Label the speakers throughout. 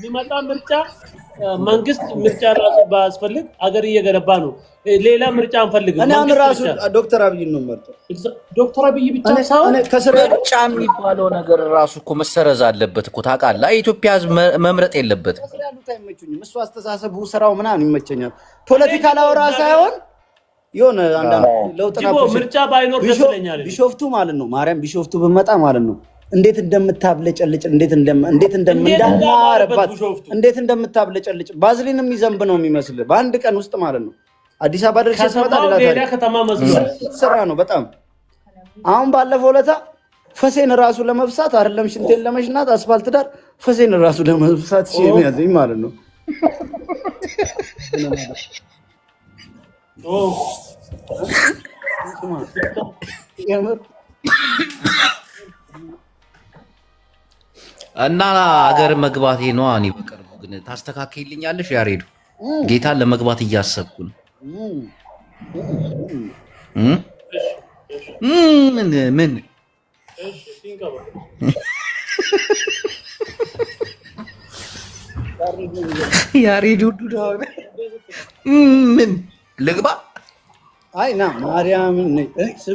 Speaker 1: የሚመጣ ምርጫ መንግስት ምርጫ ራሱ ባያስፈልግ አገር እየገነባ ነው። ሌላ ምርጫ አንፈልግም።
Speaker 2: እኔ አሁን ራሱ ዶክተር አብይ ነው የምመርጠው።
Speaker 1: ዶክተር አብይ ብቻ
Speaker 2: ሳይሆን ምርጫ የሚባለው ነገር ራሱ እኮ መሰረዝ አለበት እኮ ታውቃለህ። የኢትዮጵያ ህዝብ መምረጥ የለበትም። አይመቹኝም። እሱ አስተሳሰቡ፣ ስራው ምናምን ይመቸኛል። ፖለቲካ ላወራ ሳይሆን
Speaker 1: የሆነ አንዳንድ ለውጥ ምርጫ ባይኖር
Speaker 2: ቢሾፍቱ ማለት ነው ማርያም ቢሾፍቱ ብመጣ ማለት ነው እንዴት እንደምታብለጨልጭ እንዴት እንደምንዳማረባት እንዴት እንደምታብለጨልጭ ባዝሊን የሚዘንብ ነው የሚመስል በአንድ ቀን ውስጥ ማለት ነው። አዲስ አበባ ደርሼ ስመጣ ስራ ነው በጣም አሁን ባለፈው ለታ ፈሴን ራሱ ለመብሳት አይደለም ሽንቴን ለመሽናት አስፋልት ዳር ፈሴን ራሱ ለመብሳት ያዘኝ ማለት ነው። እና አገር መግባቴ ነዋ። እኔ በቅርቡ ግን ታስተካክልኛለሽ? ያሬዱ ጌታ ለመግባት እያሰብኩ ነው። ምን ምን ያሬዱ ምን ልግባ አይ ና ማርያም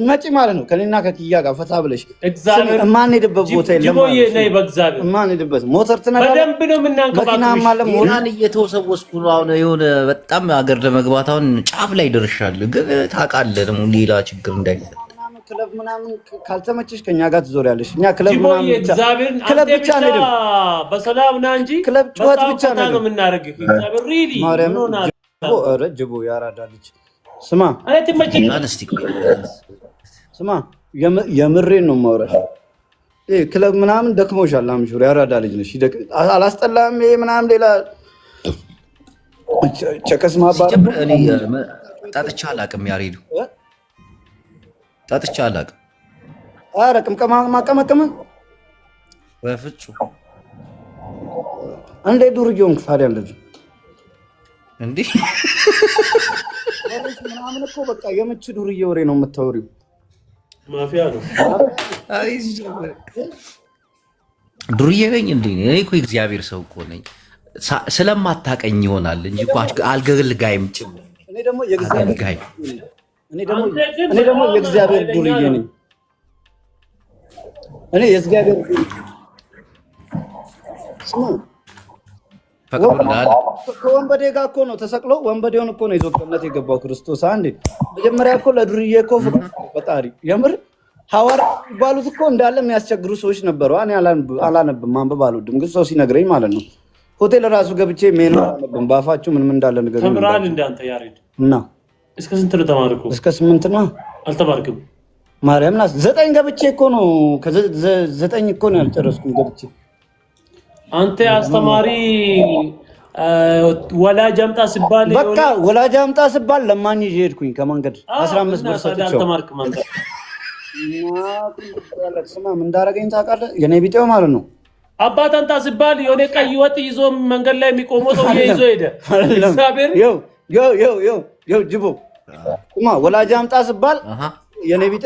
Speaker 2: መጪ ማለት ነው። ከኔና ከኪያ ጋር ፈታ ብለሽ የማንሄድበት ቦታ
Speaker 1: የለም። ሞተር ትነዳለህ፣ መኪናም አለ።
Speaker 2: ሞራል እየተወሰወስኩ ነው። አሁን የሆነ በጣም አገር ለመግባት አሁን ጫፍ ላይ ደርሻለሁ። ግን ታውቃለህ ደግሞ ሌላ ችግር እንዳይፈጠር ክለብ ምናምን ካልተመቸሽ ከኛ ጋር ትዞሪያለሽ። እኛ ክለብ ክለብ ብቻ
Speaker 1: ነው፣ በሰላም ና እንጂ ክለብ ጩኸት ብቻ ነው የምናደርግ።
Speaker 2: ጅቦ ያራዳ ልጅ ስማ ስማ፣ የምሬን ነው የማውራሽ። ክለብ ምናምን ደክሞሻል። አምሹ ያራዳ ልጅ ነሽ። አላስጠላም ይሄ ምናምን ሌላ ጨቀስ ማባል ጠጥቼ አላቅም። ያሬዱ ጠጥቼ አላቅም። ኧረ ቅምቀማ ማቀመቀመ በፍፁም እንዴ! ዱርዬውን ታዲያ እንደዚህ እንዲህ ምናምን እኮ በቃ የምች ዱርዬ ወሬ ነው የምታወሪው። ማፊያ ነው። ዱርዬ ነኝ እንዴ? እኔ እኮ እግዚአብሔር ሰው እኮ ነኝ። ስለማታቀኝ ይሆናል እንጂ አልገልጋይም እኔ ደግሞ የእግዚአብሔር ዱርዬ ነኝ። እኔ የእግዚአብሔር ከወንበዴ ጋር እኮ ነው ተሰቅሎ ወንበዴውን እኮ ነው ይዞ ገነት የገባው ክርስቶስ። አንዴ መጀመሪያ እኮ ለዱርዬ እኮ ፍቅር ፈጣሪ የምር ሐዋርያ የሚባሉት እኮ እንዳለ የሚያስቸግሩ ሰዎች ነበሩ። አላነብም ማንበብ አልወድም፣ ግን ሰው ሲነግረኝ ማለት ነው። ሆቴል ራሱ ገብቼ ሜኑ አላነብም። በአፋችሁ ምንም እንዳለ ነገር
Speaker 1: ተምራን እንዳንተ ያሬድ እና እስከ ስንት ነው ተማርኩ? እስከ ስምንት ነው
Speaker 2: አልተማርክም። ማርያም ዘጠኝ ገብቼ እኮ ነው ዘጠኝ እኮ ነው ያልጨረስኩም ገብቼ
Speaker 1: አንተ አስተማሪ ወላጅ አምጣ ሲባል
Speaker 2: በቃ ወላጅ አምጣ ሲባል ለማኝ ይዤ ሄድኩኝ ከመንገድ
Speaker 1: 15 ብር ሰጥቼው
Speaker 2: ስማም እንዳረገኝ ታውቃለህ? የኔ ቢጤው ማለት ነው።
Speaker 1: አባት አምጣ ሲባል የሆነ ቀይ ወጥ ይዞ መንገድ ላይ የሚቆመው ሰው ይዞ ሄደ።
Speaker 2: ይው ጅቦ ማ ወላጅ አምጣ ሲባል የኔ ቢጤ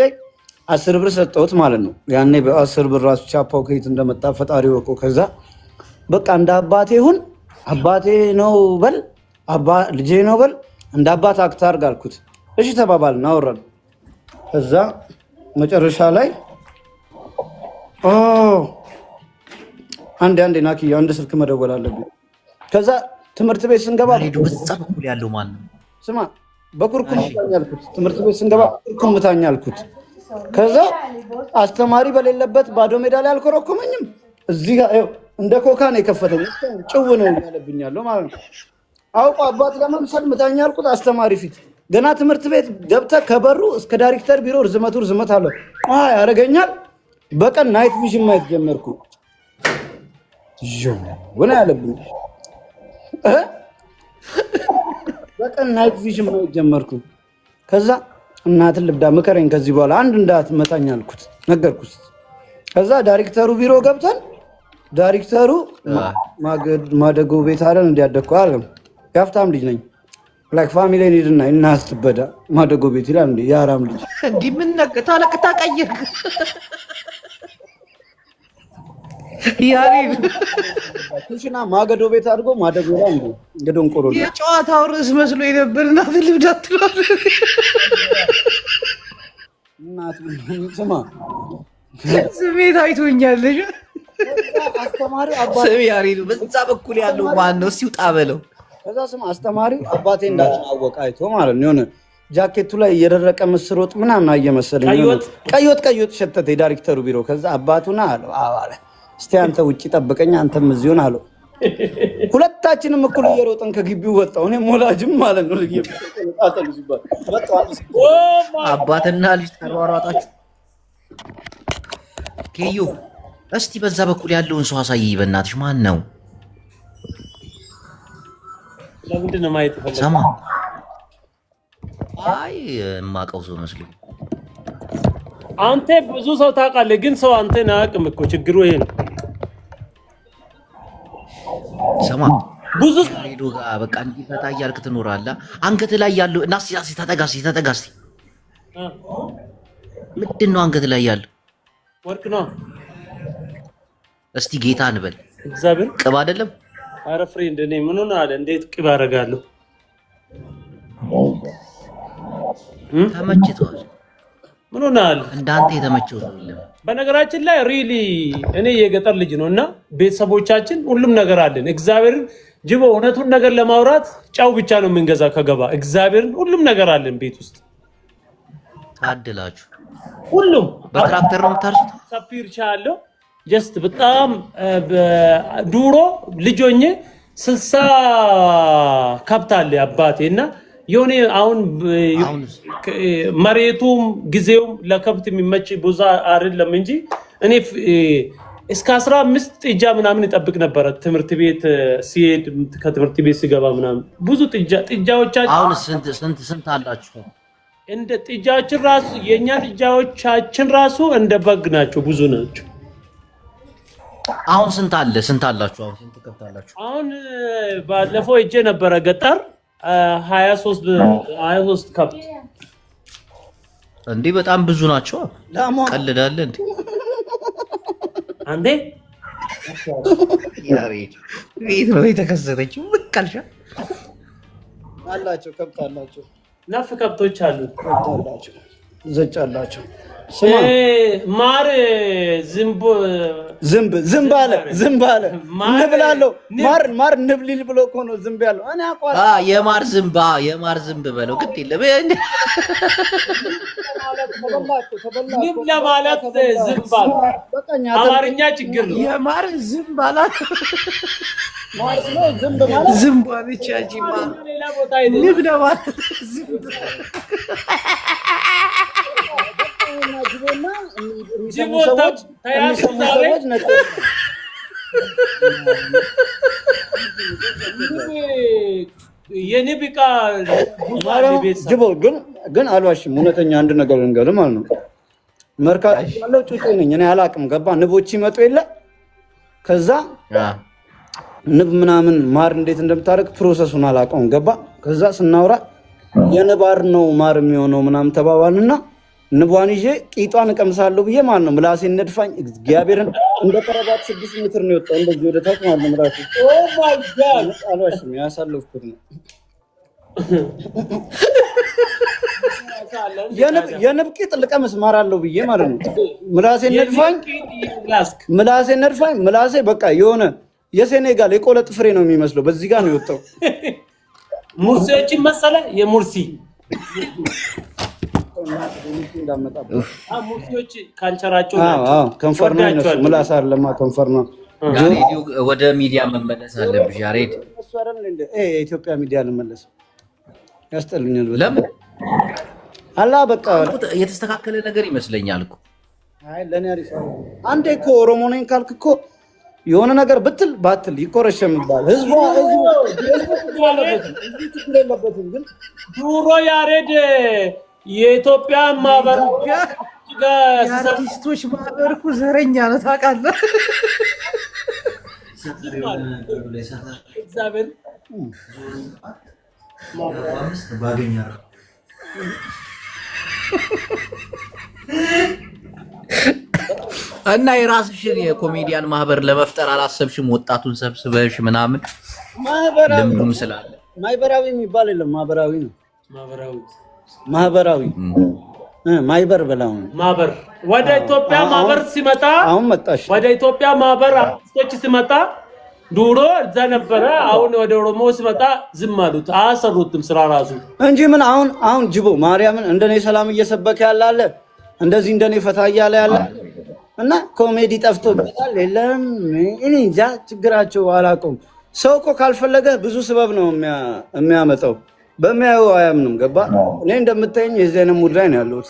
Speaker 2: አስር ብር ሰጠሁት ማለት ነው። ያኔ በአስር ብር ራሱ ቻፓው ከየት እንደመጣ ፈጣሪ ወቆ ከዛ በቃ እንደ አባቴ ሁን፣ አባቴ ነው በል፣ ልጄ ነው በል፣ እንደ አባት አክት አድርግ አልኩት። እሺ ተባባል አወራን። እዛ መጨረሻ ላይ አንድ አንድ ናኪ አንድ ስልክ መደወል አለብኝ። ከዛ ትምህርት ቤት ስንገባ ያለው ማን ስማ፣ በኩርኩም ታኛልኩት። ትምህርት ቤት ስንገባ ኩርኩም ታኛልኩት። ከዛ አስተማሪ በሌለበት ባዶ ሜዳ ላይ አልኮረኩመኝም። እዚህ እንደ ኮካ ነው የከፈተኝ። ጭው ነው ያለብኛለሁ ማለት ነው። አውቆ አባት ለመምሰል ምታኛ አልኩት። አስተማሪ ፊት ገና ትምህርት ቤት ገብተ ከበሩ እስከ ዳይሬክተር ቢሮ ርዝመቱ ርዝመት አለ ያደርገኛል። በቀን ናይት ቪዥን ማየት ጀመርኩ። ሆነ ያለብኝ በቀን ናይት ቪዥን ማየት ጀመርኩ። ከዛ እናትን ልብዳ ምከረኝ ከዚህ በኋላ አንድ እንዳትመታኝ አልኩት፣ ነገርኩት። ከዛ ዳይሬክተሩ ቢሮ ገብተን ዳይሬክተሩ ማደጎ ቤት አይደል እንዲያደግኩ አለም የሀብታም ልጅ ነኝ ላይክ ፋሚሊን ሄድና እናስትበዳ ማደጎ ቤት ይላል። እንዲ የአራም ልጅ
Speaker 1: እንዲህ ምን ታለቅታ ቀይር
Speaker 2: ሽና ማገዶ ቤት አድርጎ ማደጎ ላይ እንዲ እንግዲህ እንቆሮ
Speaker 1: የጨዋታው ርዕስ መስሎ የነበር እናት ልብዳ ትሏል።
Speaker 2: እናት ስማ
Speaker 1: ስሜት አይቶኛለሽ
Speaker 2: ስም ያሬዱ በዛ በኩል ያለው ማን ነው? እስኪ በለው። ከዛ ስም አስተማሪው አባቴ እንዳልናወቅ አይቶ ማለት ነው የሆነ ጃኬቱ ላይ የደረቀ ምስር ወጥ ምናምን እየመሰለኝ ቀይ ወጥ ቀይ ሸተተ የዳይሬክተሩ ቢሮ። ከዛ አባቱና አለ አለ እስቲ አንተ ውጭ ጠብቀኝ አንተም እዚሁን አለው። ሁለታችንም እኩል እየሮጥን ከግቢው ወጣሁ። እኔም ወላጅም ማለት ነው አባትና ልጅ ተሯሯጣችሁ ኬዩ እስቲ በዛ በኩል ያለውን ሰው አሳይ፣ በእናትሽ ማን ነው?
Speaker 1: ለምንድን ነው ማየት ፈለግ? ሰማ
Speaker 2: አይ የማውቀው ሰው
Speaker 1: አንተ ብዙ ሰው ታውቃለህ፣ ግን ሰው አንተን አያውቅም እኮ ችግሩ ይሄ ነው። ሰማ ብዙ
Speaker 2: በቃ እንዲፈታ እያልክ ትኖራለህ። አንገት ላይ ያለው እና ሲ ተጠጋ፣ ምንድን ነው አንገት ላይ ያለው ወርቅ ነው እስቲ ጌታ እንበል እግዚአብሔር ቅብ አይደለም።
Speaker 1: አረ ፍሬንድ እኔ ምን ሆነ አለ እንዴት ቅብ አደርጋለሁ? ተመችቷል። ምን ሆነ አለ
Speaker 2: እንዳንተ የተመቸው ሰው
Speaker 1: በነገራችን ላይ ሪሊ እኔ የገጠር ልጅ ነው እና ቤተሰቦቻችን ሁሉም ነገር አለን። እግዚአብሔርን ጅቦ እውነቱን ነገር ለማውራት ጫው ብቻ ነው የምንገዛ ከገባ። እግዚአብሔርን ሁሉም ነገር አለን ቤት ውስጥ
Speaker 2: ታድላችሁ። ሁሉም በትራክተር ነው የምታርሱት።
Speaker 1: ሰፊ እርሻ አለው ጀስት በጣም ዱሮ ልጆኝ ስልሳ ከብት አለ አባቴ እና የሆነ አሁን መሬቱም ጊዜውም ለከብት የሚመች ብዙ አይደለም እንጂ እኔ እስከ አስራ አምስት ጥጃ ምናምን ይጠብቅ ነበረ። ትምህርት ቤት ሲሄድ ከትምህርት ቤት ሲገባ ምናምን ብዙ ጥጃዎቻችን
Speaker 2: ስንት ስንት አላችሁ?
Speaker 1: እንደ ጥጃዎችን ራሱ የእኛ ጥጃዎቻችን ራሱ እንደ በግ ናቸው፣ ብዙ ናቸው።
Speaker 2: አሁን ስንት አለ? ስንት አላችሁ? አሁን ስንት
Speaker 1: ከብት አላችሁ? አሁን ባለፈው እጄ ነበረ ገጠር 23 23 ከብት።
Speaker 2: እንዴ በጣም ብዙ ናቸው። ቀልዳለ እንዴ? አንዴ ቤት ነው የተከሰተችው። ምቀልሻ
Speaker 1: አላቸው፣ ከብት አላቸው፣ ነፍ ከብቶች አሉ፣ ዘጭ አላቸው ማር ዝንብ
Speaker 2: ዝንብ አለ ዝንብ አለ ንብል አለው ማር ማር ንብሊል ብሎ እኮ ነው ዝንብ ያለው። እኔ አውቀዋለሁ። የማር ዝንብ የማር ዝንብ በለው ግድ የለም።
Speaker 1: ንብ ለማለት ዝንብ አለ። አማርኛ ችግር ነው።
Speaker 2: የማር ዝንብ አላት። ዝንብ ብቻ ጅማ ንብ ለማለት ዝንብ
Speaker 1: ና የሚሰሙ ሰዎች
Speaker 2: ጅቦ ግን ግን አልዋሽም። እውነተኛ አንድ ነገር ልንገርህ ማለት ነው። መርካቶ ያለው ጩጬ ነኝ እኔ አላቅም። ገባ ንቦች ይመጡ የለ ከዛ ንብ ምናምን ማር እንዴት እንደምታደርግ ፕሮሰሱን አላውቀውም። ገባ ከዛ ስናውራ የንብ አር ነው ማር የሚሆነው ምናምን ተባባልና ንቧን ይዤ ቂጧን እቀምሳለሁ ብዬ ማን ነው። ምላሴን ነድፋኝ እግዚአብሔርን እንደ ቀረባት ስድስት ሜትር ነው የወጣው። እንደዚህ ወደ ታች ማለት ነው። ምላሴ oh አልዋሽም፣ ያሳለፍኩት ነው። የንብ ቂጥ ልቀምስ ማራለሁ ብዬ ማለት ነው። ምላሴን ነድፋኝ፣ ምላሴን ነድፋኝ። ምላሴ በቃ የሆነ የሴኔጋል የቆለጥ ፍሬ ነው የሚመስለው። በዚህ ጋር ነው የወጣው።
Speaker 1: ሙርሲዎችን መሰለ የሙርሲ
Speaker 2: ከንፈር ነው እነሱ ምላስ አለማ ከንፈር ነው። ወደ ሚዲያ መመለስ አለብሽ ያሬድ።
Speaker 1: የኢትዮጵያ ሚዲያ ልመለስ
Speaker 2: ያስጠሉኛል። ለምን አላ በቃ የተስተካከለ ነገር ይመስለኛል እኮ አንዴ እኮ ኦሮሞ ነኝ ካልክ እኮ የሆነ ነገር ብትል ባትል ይኮረሸምባል። ህዝቡ
Speaker 1: ግን ድሮ ያሬድ የኢትዮጵያ ማህበር አርቲስቶች ማህበር እኮ ዘረኛ ነው ታውቃለህ።
Speaker 2: እና የራስሽን የኮሜዲያን ማህበር ለመፍጠር አላሰብሽም? ወጣቱን ሰብስበሽ ምናምን ልምዱም ስላለ ማህበራዊ የሚባል የለም። ማህበራዊ ነው ማህበራዊ ማህበራዊ ማይበር ብለው
Speaker 1: ማህበር ወደ ኢትዮጵያ ማህበር ሲመጣ አሁን መጣሽ። ወደ ኢትዮጵያ ማህበር አርቲስቶች ሲመጣ ዱሮ እዛ ነበረ። አሁን ወደ ኦሮሞ ሲመጣ ዝም አሉት፣ አያሰሩትም ስራ ራሱ
Speaker 2: እንጂ ምን አሁን አሁን ጅቦ ማርያምን እንደኔ ሰላም እየሰበከ ያለ አለ፣ እንደዚህ እንደኔ ፈታ እያለ ያለ እና ኮሜዲ ጠፍቶበታል። የለም እኔ እንጃ ችግራቸው አላውቀውም። ሰው እኮ ካልፈለገ ብዙ ስበብ ነው የሚያመጣው። በሚያየው አያምንም። ገባ እኔ እንደምታየኝ የዚህ አይነት ሙድ ላይ ነው ያለሁት።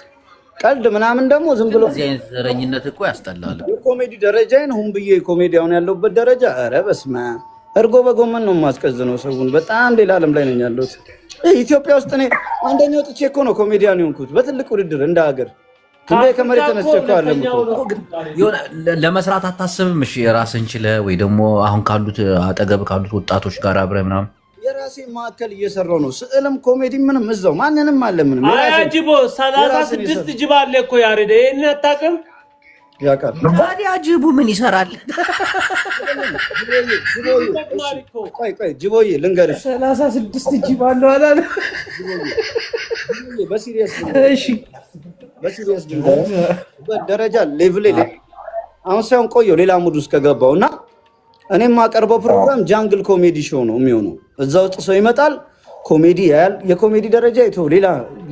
Speaker 2: ቀልድ ምናምን ደግሞ ዝም ብሎ ዘረኝነት እኮ ያስጠላል። የኮሜዲ ደረጃዬን ሁን ብዬ ኮሜዲ አሁን ያለሁበት ደረጃ ኧረ በስመ አብ እርጎ በጎመን ነው የማስቀዝነው ሰውን። በጣም ሌላ ዓለም ላይ ነኝ ያለሁት። ኢትዮጵያ ውስጥ እኔ አንደኛው ጥቼ እኮ ነው ኮሜዲያን የሆንኩት በትልቅ ውድድር እንደ ሀገር ለመስራት አታስብም? እሺ ራስን ችለህ ወይ ደግሞ አሁን ካሉት አጠገብ ካሉት ወጣቶች ጋር አብረህ ምናምን የራሴ ማዕከል እየሰራው ነው። ስዕልም ኮሜዲ ምንም እዛው ማንንም አለ ምንም
Speaker 1: አያጅቦ ሰላሳ ስድስት ጅብ አለ እኮ ያሬድ፣ ይህን አታውቅም? ያውቃል። ታዲያ ጅቡ ምን ይሰራል?
Speaker 2: ቆይ ቆይ ጅቦዬ ልንገርሽ፣
Speaker 1: ሰላሳ ስድስት ጅብ አለ አላለ።
Speaker 2: በሲሪየስ በሲሪየስ ደረጃ ሌቭሌ አሁን ሳይሆን ቆየው ሌላ ሙድ ውስጥ ከገባው እና እኔም የማቀርበው ፕሮግራም ጃንግል ኮሜዲ ሾው ነው የሚሆነው እዛው ውስጥ ሰው ይመጣል፣ ኮሜዲ ያያል። የኮሜዲ ደረጃ ይቶ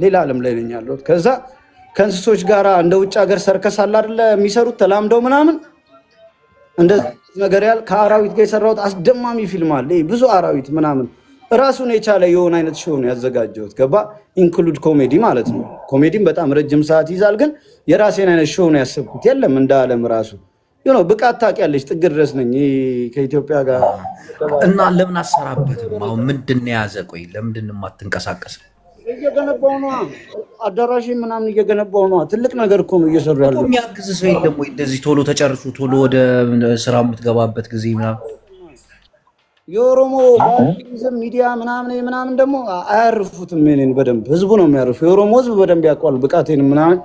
Speaker 2: ሌላ አለም ላይ ነኝ ያለሁት። ከዛ ከእንስሶች ጋር እንደ ውጭ ሀገር ሰርከስ አለ አይደለ የሚሰሩት ተላምደው ምናምን እንደ ነገር ያል ከአራዊት ጋር የሰራሁት አስደማሚ ፊልም አለ። ብዙ አራዊት ምናምን ራሱን የቻለ የሆነ አይነት ሾው ነው ያዘጋጀሁት። ገባ ኢንክሉድ ኮሜዲ ማለት ነው። ኮሜዲም በጣም ረጅም ሰዓት ይዛል፣ ግን የራሴን አይነት ሾው ነው ያሰብኩት። የለም እንደ አለም ራሱ ነው ብቃት ታውቂያለሽ፣ ጥግ ድረስ ነኝ ከኢትዮጵያ ጋር እና ለምን አሰራበትም? አሁን ምንድን የያዘ ቆይ፣ ለምንድን ማትንቀሳቀስ? እየገነባው ነዋ፣ አዳራሽ ምናምን እየገነባው ነዋ። ትልቅ ነገር እኮ ነው እየሰሩ ያለ። የሚያግዝ ሰው የለም ወይ? እንደዚህ ቶሎ ተጨርሱ፣ ቶሎ ወደ ስራ የምትገባበት ጊዜ ምናምን። የኦሮሞ ባንዲዝም ሚዲያ ምናምን ምናምን ደግሞ አያርፉትም። እኔን በደንብ ህዝቡ ነው የሚያርፉ። የኦሮሞ ህዝብ በደንብ ያውቀዋል ብቃቴን ምናምን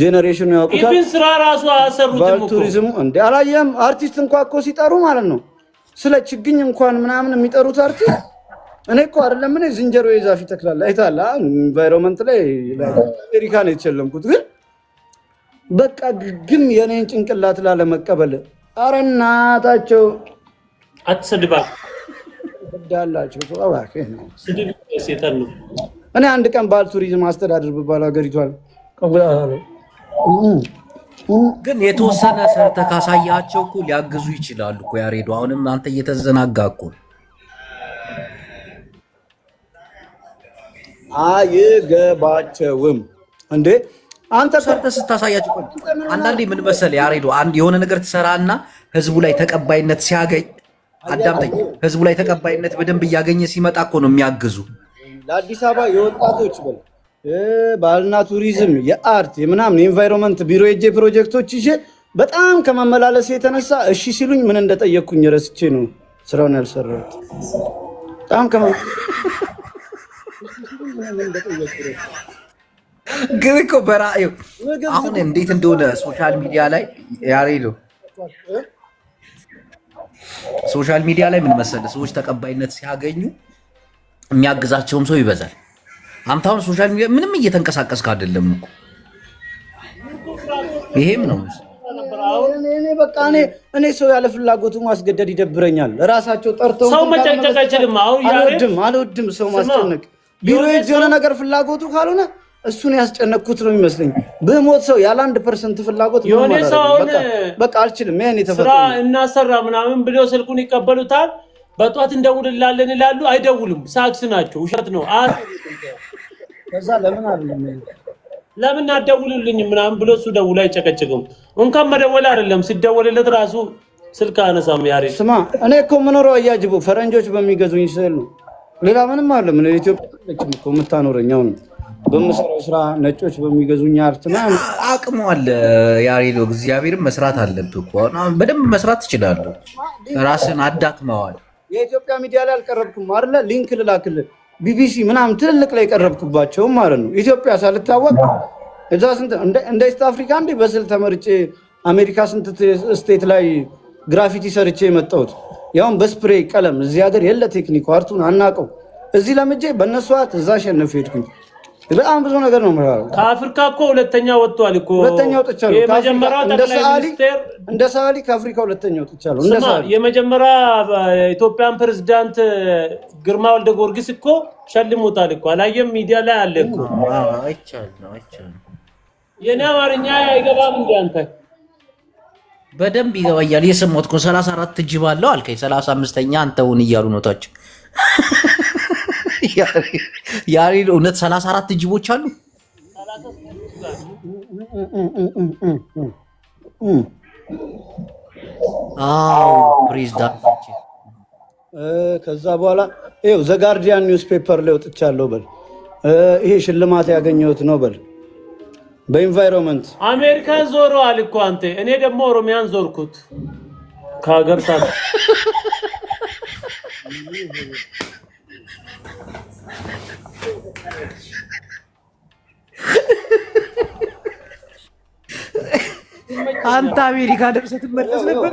Speaker 2: ጄኔሬሽኑ
Speaker 1: ያውቁታል። ስራ ራሱ አሰሩት።
Speaker 2: ቱሪዝሙ እንደ አላየም። አርቲስት እንኳ እኮ ሲጠሩ ማለት ነው ስለ ችግኝ እንኳን ምናምን የሚጠሩት አርቲስት እኔ እኮ አይደለም እኔ ዝንጀሮ የዛፍ ይተክላል አይታላ ኢንቫይሮንመንት ላይ አሜሪካን የተሸለምኩት። ግን በቃ ግን የኔን ጭንቅላት ላለመቀበል ኧረ እናታቸው አትሰድባል እኔ አንድ ቀን ባል ቱሪዝም አስተዳደር ብባል ሀገሪቷል ግን የተወሰነ ሰርተህ ካሳያቸው እኮ ሊያግዙ ይችላሉ እኮ ያሬዱ። አሁንም እናንተ እየተዘናጋ እኮ አይገባቸውም እንዴ አንተ ሰርተ ስታሳያቸው። አንዳንዴ ምን መሰለህ ያሬዱ፣ አንድ የሆነ ነገር ትሰራና ህዝቡ ላይ ተቀባይነት ሲያገኝ፣ አዳምጠኝ፣ ህዝቡ ላይ ተቀባይነት በደንብ እያገኘ ሲመጣ እኮ ነው የሚያግዙ ለአዲስ አበባ የወጣቶች በል ባህልና ቱሪዝም፣ የአርት የምናምን የኢንቫይሮንመንት ቢሮ የጄ ፕሮጀክቶች ይዤ በጣም ከመመላለስ የተነሳ እሺ ሲሉኝ ምን እንደጠየቅኩኝ ረስቼ ነው ስራውን ያልሰራሁት። በጣም ግን እኮ በራእዩ አሁን እንዴት እንደሆነ ሶሻል ሚዲያ ላይ ያሬዶ ሶሻል ሚዲያ ላይ ምን ሰዎች ተቀባይነት ሲያገኙ የሚያግዛቸውም ሰው ይበዛል። አንተ አሁን ሶሻል ሚዲያ ምንም እየተንቀሳቀስክ አይደለም እኮ ይሄም ነው እኔ እኔ እኔ በቃ ሰው ያለ ፍላጎቱ ማስገደድ ይደብረኛል። ራሳቸው ጠርተው
Speaker 1: ሰው መጨንጨቅ አይችልም። አሁን
Speaker 2: አልወድም አልወድም ሰው ማስጨነቅ ቢሮ የሆነ ነገር ፍላጎቱ ካልሆነ እሱን ያስጨነቅኩት ነው የሚመስለኝ። ብሞት ሰው ያለ አንድ ፐርሰንት ፍላጎት
Speaker 1: የሆነ ሰውን በቃ አልችልም። ያን የተፈ ስራ እናሰራ ምናምን ብሎ ስልኩን ይቀበሉታል በጧት እንደውልላለን ይላሉ። አይደውሉም። ሳክስ ናቸው። ውሸት ነው።
Speaker 2: ከዛ ለምን አይደለም
Speaker 1: ለምን አደውሉልኝ ምናምን ብሎ እሱ ደውሎ አይጨቀጭቅም። እንኳን መደወል አይደለም ሲደወልለት ራሱ ስልክ አነሳም። ያሬ
Speaker 2: ስማ፣ እኔ እኮ የምኖረው አያጅቦ ፈረንጆች በሚገዙኝ ስል ነው። ሌላ ምንም አይደለም። ኢትዮጵያ ነችም እኮ የምታኖረኛው ነው በምሰራው ስራ ነጮች በሚገዙኝ አርት አቅሙ አለ። ያሬሎ እግዚአብሔርም መስራት አለብህ እኮ በደንብ መስራት ትችላለህ። ራስን አዳክመዋል። የኢትዮጵያ ሚዲያ ላይ አልቀረብኩም አለ ሊንክ ልላክልህ ቢቢሲ ምናምን ትልልቅ ላይ ቀረብኩባቸውም ማለት ነው። ኢትዮጵያ ሳልታወቅ እዛ ስንት እንደ ኢስት አፍሪካ እንዴ በስል ተመርጬ አሜሪካ ስንት ስቴት ላይ ግራፊቲ ሰርቼ የመጣሁት ያውም በስፕሬ ቀለም። እዚህ ሀገር የለ ቴክኒኩ አርቱን አናቀው። እዚህ ለምጄ በእነሱ እዛ አሸነፍ ሄድኩኝ። በጣም ብዙ ነገር ነው የምለው።
Speaker 1: ከአፍሪካ እኮ ሁለተኛ ወጥቷል እኮ
Speaker 2: ሁለተኛ ወጥቻለሁ። የመጀመሪያ ጠቅላይ ሚኒስቴር እንደ ሳሊ ከአፍሪካ ሁለተኛ ወጥቻለሁ።
Speaker 1: እንደ ሳሊ የመጀመሪያ ኢትዮጵያን ፕሬዝዳንት ግርማ ወልደ ጊዮርጊስ እኮ ሸልሞታል እኮ አላየም? ሚዲያ ላይ አለ እኮ። አይቻለሁ፣ አይቻለሁ። የኔ አማርኛ አይገባም እንደ አንተ
Speaker 2: በደንብ ይገባኛል። የሰማሁት እኮ 34 እጅ ባለው አልከኝ። 35ኛ አንተውን ሁን እያሉ ነው ታች ያሬድ እውነት ሰላሳ አራት ጅቦች አሉ። ከዛ በኋላ ይኸው ዘጋርዲያን ኒውስ ፔፐር ላይ ወጥቻለሁ በል ይሄ ሽልማት ያገኘሁት ነው በል በኢንቫይሮንመንት
Speaker 1: አሜሪካን ዞረዋል እኮ አንተ። እኔ ደግሞ ኦሮሚያን ዞርኩት ከሀገር ሳ
Speaker 2: አንተ አሜሪካ ደርሰህ ትመለስ ነበር።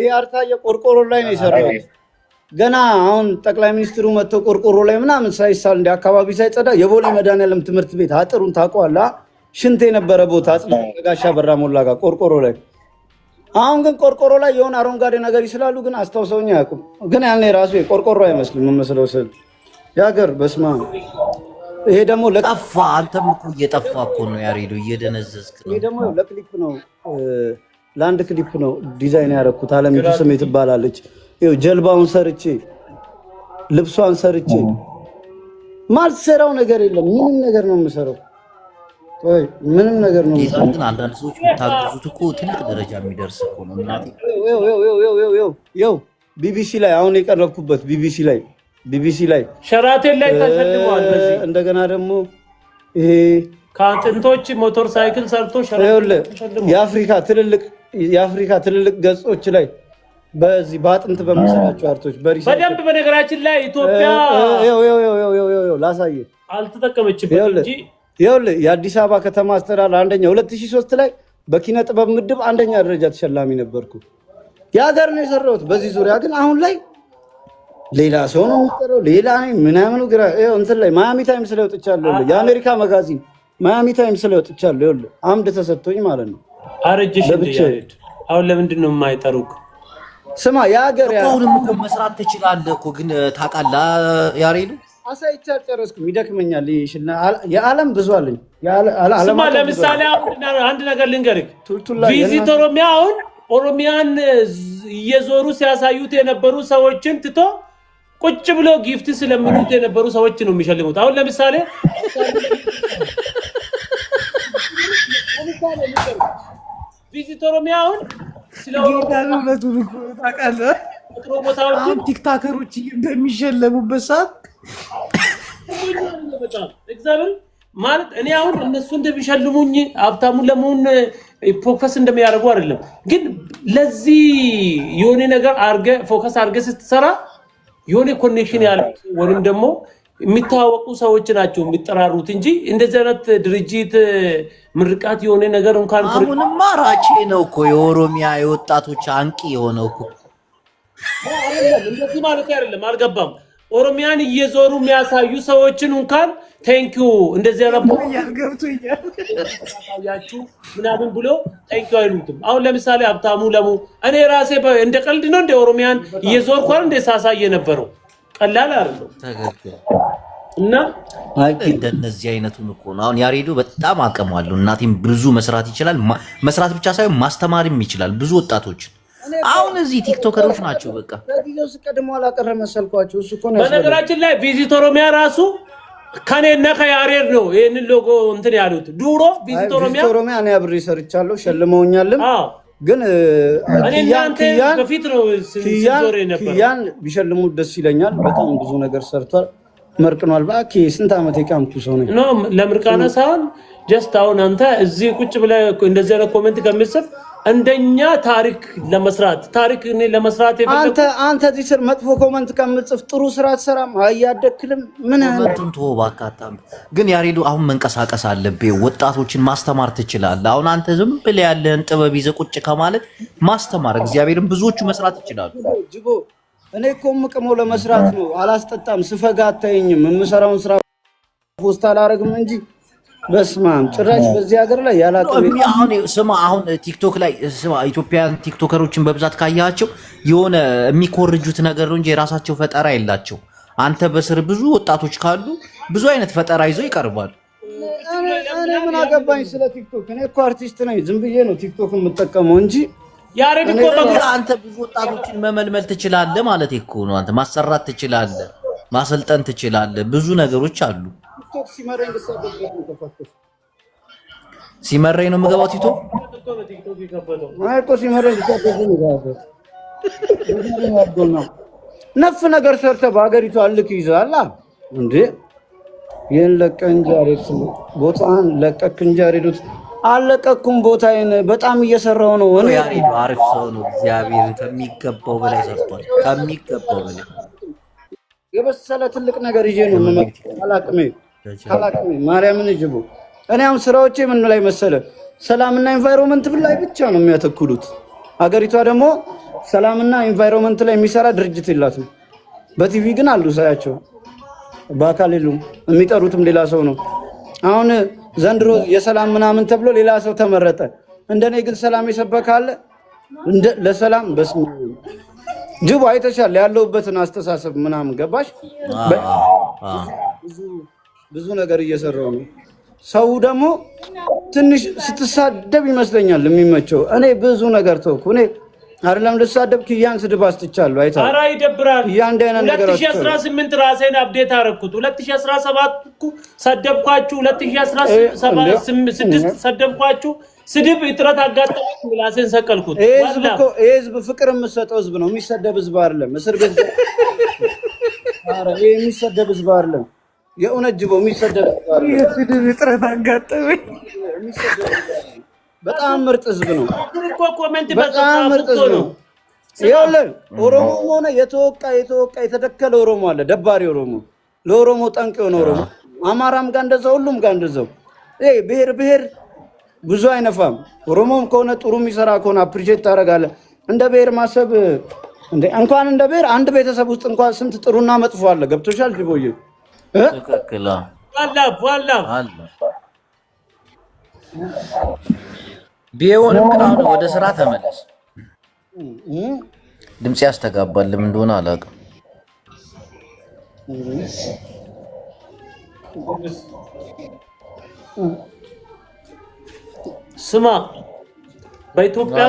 Speaker 2: ይሄ አርታዬ ቆርቆሮ ላይ ነው የሰራው። ገና አሁን ጠቅላይ ሚኒስትሩ መጥተው ቆርቆሮ ላይ ምናምን ሳይሳል እንደ አካባቢ ሳይጸዳ የቦሌ መድኃኒዓለም ትምህርት ቤት አጥሩን ታውቀዋለህ? ሽንት የነበረ ቦታ አጽዳ ጋሻ በራ ሞላ ጋር ቆርቆሮ ላይ አሁን ግን ቆርቆሮ ላይ የሆነ አረንጓዴ ነገር ይስላሉ፣ ግን አስታውሰውኝ አያውቁም። ግን ያኔ ራሱ ቆርቆሮ አይመስልም የምመስለው ስል የሀገር በስማ ይሄ ደግሞ ለጠፋ አንተም እኮ እየጠፋ እኮ ነው ያሬዶ፣ እየደነዘዝክ ነው። ይሄ ደግሞ ለክሊፕ ነው፣ ለአንድ ክሊፕ ነው ዲዛይን ያደረኩት። አለሚቱ ስሜ ትባላለች። ጀልባውን ሰርቼ ልብሷን ሰርቼ ማልሰራው ነገር የለም። ምንም ነገር ነው የምሰራው ምንም ነገር ነው። ጌታ ግን አንዳንድ ሰዎች የምታግዙት እኮ ትልቅ ደረጃ የሚደርስ እኮ ነው። እናቴ ቢቢሲ ላይ አሁን የቀረብኩበት ቢቢሲ ላይ ቢቢሲ ላይ
Speaker 1: ሸራቴን ላይ ተሸልመዋል።
Speaker 2: በዚህ እንደገና ደግሞ
Speaker 1: ይሄ ከአጥንቶች ሞተር ሳይክል
Speaker 2: ሰርቶ የአፍሪካ ትልልቅ የአፍሪካ ትልልቅ ገጾች ላይ በዚህ በአጥንት በምሰራቸው አርቶች
Speaker 1: በደንብ በነገራችን ላይ ኢትዮጵያ ላሳየ አልተጠቀመችበት
Speaker 2: እንጂ ይኸውልህ የአዲስ አበባ ከተማ አስተዳደር አንደኛ 2003 ላይ በኪነ ጥበብ ምድብ አንደኛ ደረጃ ተሸላሚ ነበርኩ። የሀገር ነው የሰራሁት። በዚህ ዙሪያ ግን አሁን ላይ ሌላ ሰው ነው የሚጠራው፣ ሌላ ምናምኑ ግራ እንትን ላይ ማያሚ ታይምስ ላይ ወጥቻለሁ። የአሜሪካ መጋዚን ማያሚ ታይምስ ላይ ወጥቻለሁ። ይኸውልህ አምድ ተሰጥቶኝ ማለት ነው።
Speaker 1: አረጅሽ አሁን ለምንድን ነው የማይጠሩ?
Speaker 2: ስማ የሀገር መስራት ትችላለህ እኮ ግን ታውቃለህ ነው አሳይቼ አልጨረስኩም። ይደክመኛል። የዓለም ብዙ አለኝ።
Speaker 1: ለምሳሌ አንድ ነገር ልንገርህ። ቪዚት ኦሮሚያ አሁን ኦሮሚያን እየዞሩ ሲያሳዩት የነበሩ ሰዎችን ትቶ ቁጭ ብሎ ጊፍት ስለምሉት የነበሩ ሰዎች ነው የሚሸልሙት። አሁን ለምሳሌ ቪዚት ኦሮሚያ አሁን
Speaker 2: ስለ ቦታዎችን ቲክታከሮች በሚሸለሙበት ሰዓት
Speaker 1: እግዚአብሔር ማለት እኔ አሁን እነሱ እንደሚሸልሙኝ ሀብታሙ ለመሆን ፎከስ እንደሚያደርጉ አይደለም፣ ግን ለዚህ የሆነ ነገር አድርገህ ፎከስ አድርገህ ስትሰራ የሆነ ኮኔክሽን ያለ ወይም ደግሞ የሚታወቁ ሰዎች ናቸው የሚጠራሩት እንጂ እንደዚህ አይነት ድርጅት ምርቃት የሆነ ነገር እንኳን
Speaker 2: አሁንማ ራቼ ነው እኮ የኦሮሚያ የወጣቶች አንቂ የሆነው እኮ
Speaker 1: እንደዚህ ማለት አይደለም። አልገባም። ኦሮሚያን እየዞሩ የሚያሳዩ ሰዎችን እንኳን ቴንኪዩ እንደዚህ ያሳያችሁ ምናምን ብሎ ቴንኪዩ አይሉትም። አሁን ለምሳሌ ሀብታሙ ለሙ እኔ ራሴ እንደ ቀልድ ነው እንደ ኦሮሚያን እየዞርኩ እንደ ሳሳይ የነበረው ቀላል አይደለም
Speaker 2: እና እንደነዚህ አይነቱን እኮ ነው አሁን በጣም አቅም አለው። እናቴም ብዙ መስራት ይችላል። መስራት ብቻ ሳይሆን ማስተማርም ይችላል ብዙ ወጣቶችን አሁን እዚህ ቲክቶከሮች ናቸው። በቃ
Speaker 1: ጊዜው ስቀድሞ አላቀረ መሰልኳቸው። እሱ እኮ ነው። በነገራችን ላይ ቪዚት ኦሮሚያ ራሱ ከኔ ከኔና ከያሬድ ነው ይህንን ሎጎ እንትን ያሉት። ድሮ
Speaker 2: ቪዚት ኦሮሚያ ኦሮሚያ እኔ አብሬ ሰርቻለሁ፣ ሸልመውኛልም ግን
Speaker 1: ኪያን ቢሸልሙ ደስ ይለኛል። በጣም ብዙ ነገር ሰርቷል፣ መርቅኗል። እባክህ ስንት ዓመት የቃምኩ ሰው ነኝ። ለምርቃና ሳይሆን ጀስት አሁን አንተ እዚህ ቁጭ ብለህ እንደዚህ አይነት ኮሜንት ከምትጽፍ እንደኛ ታሪክ ለመስራት ታሪክ እኔ ለመስራት
Speaker 2: አንተ አንተ እዚህ ስር መጥፎ ኮመንት ከምጽፍ ጥሩ ስራ ትሰራም አያደክልም። ምን ኮመንቱን ቶ ባካታም ግን ያሬዱ አሁን መንቀሳቀስ አለብህ። ወጣቶችን ማስተማር ትችላለህ። አሁን አንተ ዝም ብለህ ያለህን ጥበብ ይዘህ ቁጭ ከማለት ማስተማር እግዚአብሔርን ብዙዎቹ መስራት ይችላሉ። እኔ እኮ የምቅመው ለመስራት ነው። አላስጠጣም፣ ስፈጋ አታየኝም። የምሰራውን ስራ ፖስት አላረግም እንጂ በስማም ጭራሽ በዚህ ሀገር ላይ ያላሁን ስማ፣ አሁን ቲክቶክ ላይ ስማ፣ ኢትዮጵያን ቲክቶከሮችን በብዛት ካያቸው የሆነ የሚኮርጁት ነገር ነው እንጂ የራሳቸው ፈጠራ የላቸው። አንተ በስር ብዙ ወጣቶች ካሉ ብዙ አይነት ፈጠራ ይዘው ይቀርባል። እኔ ምን አገባኝ ስለ ቲክቶክ? እኔ እኮ አርቲስት ነኝ፣ ዝም ብዬ ነው ቲክቶክ የምጠቀመው እንጂ ያሬድ እኮ አንተ ብዙ ወጣቶችን መመልመል ትችላለህ ማለት እኮ ነው። አንተ ማሰራት ትችላለህ፣ ማሰልጠን ትችላለህ። ብዙ ነገሮች አሉ። ቲክቶክ ሲመረኝ ልሳደብበት ነው ከፈትኩት። ሲመረኝ ነው የምገባው። ቲቶ ሲመረኝ ነው ነፍ ነገር ሰርተ በሀገሪቱ አልክ ይዛል እንዴ? ይህን ለቀንጃሬት ቦታን ለቀክ እንጃሬዱት አለቀኩም ቦታዬን በጣም እየሰራው ነው። እኔ ያሬዱ አሪፍ ሰው ነው። እግዚአብሔር ከሚገባው በላይ ሰርቷል። ከሚገባው በላይ የበሰለ ትልቅ ነገር ይዤ ነው አላቅሜ ማርያምን ጅቡ እኔ አሁን ስራዎቼ ምን ላይ መሰለ ሰላምና ኢንቫይሮንመንት ላይ ብቻ ነው የሚያተኩሉት። አገሪቷ ደግሞ ሰላምና ኢንቫይሮንመንት ላይ የሚሰራ ድርጅት የላትም። በቲቪ ግን አሉ ሳያቸው፣ በአካል የሉም። የሚጠሩትም ሌላ ሰው ነው። አሁን ዘንድሮ የሰላም ምናምን ተብሎ ሌላ ሰው ተመረጠ። እንደኔ ግን ሰላም የሰበከ አለ ለሰላም በስም ጅቡ አይተሻል ያለሁበትን አስተሳሰብ ምናምን ገባሽ ብዙ ነገር እየሰራው ነው። ሰው ደግሞ ትንሽ ስትሳደብ ይመስለኛል የሚመቸው። እኔ ብዙ ነገር ተውኩ። እኔ አይደለም ልሳደብ፣ ክያን ስድብ አስጥቻለሁ። አይታ
Speaker 1: ኧረ ይደብራል። ያን ደህና ነገር 2018 ራሴን አብዴት አረኩት። 2017 ሰደብኳችሁ፣ 2016 ሰደብኳችሁ። ስድብ እጥረት አጋጠመኝ፣ ምላሴን ሰቀልኩት።
Speaker 2: ህዝብ እኮ ህዝብ ፍቅር የምሰጠው ህዝብ ነው። የሚሰደብ ህዝብ አይደለም። እስር ቤት የሚሰደብ ህዝብ አይደለም። የእውነት ጅቦ የሚሰደብ
Speaker 1: የስድብ እጥረት አጋጠመኝ።
Speaker 2: በጣም ምርጥ ህዝብ ነው። በጣም ምርጥ ህዝብ ነው። ይኸውልህ ኦሮሞ ሆነ የተወቃ የተወቃ የተደከለ ኦሮሞ አለ። ደባሪ ኦሮሞ፣ ለኦሮሞ ጠንቅ የሆነ ኦሮሞ አማራም ጋር እንደዛው፣ ሁሉም ጋር እንደዛው። ብሄር ብሔር ብዙ አይነፋም። ኦሮሞም ከሆነ ጥሩ የሚሰራ ከሆነ አፕሪሼት ታደርጋለህ። እንደ ብሄር ማሰብ እንኳን እንደ ብሄር አንድ ቤተሰብ ውስጥ እንኳን ስንት ጥሩና መጥፎ አለ። ገብቶሻል ጅቦዬ ትክክል ቢሆንም ግን አሁን ወደ ስራ ተመለስ። ድምፅ ያስተጋባል። ለምን እንደሆነ አላውቅም።
Speaker 1: ስማ በኢትዮጵያ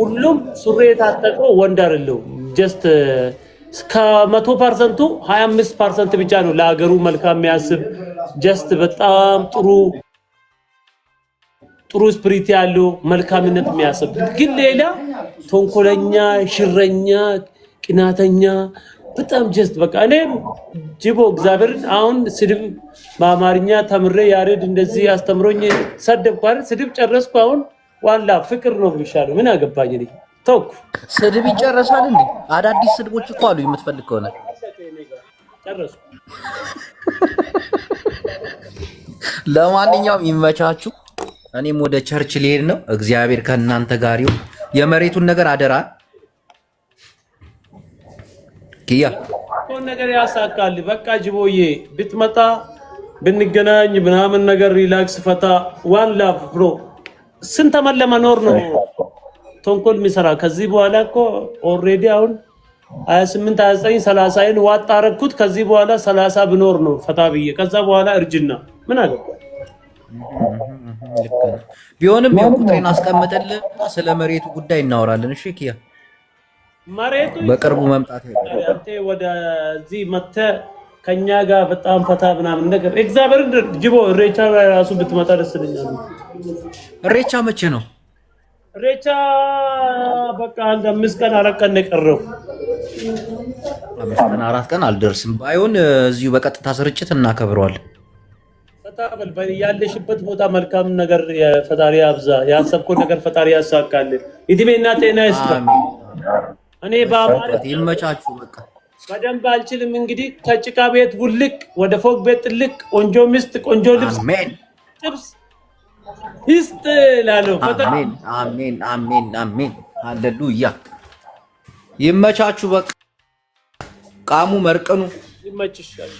Speaker 1: ሁሉም ሱሪ የታጠቀው ወንድ አይደለሁም ጀስት ከመቶ ፐርሰንቱ 25 ፐርሰንት ብቻ ነው ለሀገሩ መልካም የሚያስብ ጀስት በጣም ጥሩ ጥሩ ስፕሪት ያለው መልካምነት የሚያስብ ግን ሌላ ተንኮለኛ፣ ሽረኛ፣ ቅናተኛ በጣም ጀስት በቃ እኔ ጅቦ እግዚአብሔርን አሁን ስድብ በአማርኛ ተምሬ ያሬድ እንደዚህ አስተምሮኝ ሰደብኩ አይደል? ስድብ ጨረስኩ። አሁን ዋላ ፍቅር ነው የሚሻለው። ምን አገባኝ? ተውኩ።
Speaker 2: ስድብ ይጨረሳል እንዴ? አዳዲስ ስድቦች እኮ አሉ። የምትፈልግ ከሆነ ለማንኛውም ይመቻችሁ። እኔም ወደ ቸርች ሊሄድ ነው። እግዚአብሔር ከእናንተ ጋር ይሁን። የመሬቱን ነገር አደራ ኪያ
Speaker 1: ነገር ያሳካል። በቃ ጅቦዬ ብትመጣ ብንገናኝ ምናምን ነገር ሪላክስ ፈታ ዋን ላቭ ብሮ ስንተመን ለመኖር ነው ተንኮል የሚሰራ ከዚህ በኋላ እኮ ኦልሬዲ አሁን 28 29 30ን ዋጣ አረግኩት። ከዚህ በኋላ 30 ብኖር ነው ፈታ ብዬ። ከዛ በኋላ እርጅና ምን አለ
Speaker 2: ቢሆንም ያው ቁጥሬን አስቀምጥልና ስለ መሬቱ ጉዳይ እናወራለን። እሺ ኪያ፣
Speaker 1: መሬቱ በቅርቡ መምጣት ያለው ወደዚህ መተህ ከኛ ጋር በጣም ፈታ ምናምን ነገር እግዚአብሔር ጅቦ እሬቻ ራሱ ብትመጣ ደስ ይለኛል።
Speaker 2: እሬቻ መቼ ነው?
Speaker 1: ሬቻ በቃ አንድ አምስት ቀን አራት ቀን የቀረው
Speaker 2: አምስት ቀን አራት ቀን አልደርስም። ባይሆን እዚሁ በቀጥታ ስርጭት እናከብረዋል።
Speaker 1: ፈታበል ያለሽበት ቦታ መልካም ነገር ፈጣሪ አብዛ፣ ያሰብኩ ነገር ፈጣሪ ያሳካልን፣ እድሜና ጤና ይስጥ። እኔ በአማርኛ
Speaker 2: ይመቻችሁ። በቃ
Speaker 1: በደንብ አልችልም። እንግዲህ ከጭቃ ቤት ውልቅ ወደ ፎቅ ቤት ጥልቅ፣ ቆንጆ ሚስት፣ ቆንጆ
Speaker 2: ልብስ፣ ጥብስ
Speaker 1: ይስጥ ላለው
Speaker 2: ፈተና። አሜን አሜን አሜን አሜን። ሃሌሉያ ይመቻችሁ። በቃ ቃሙ መርቅኑ
Speaker 1: ይመችሻል።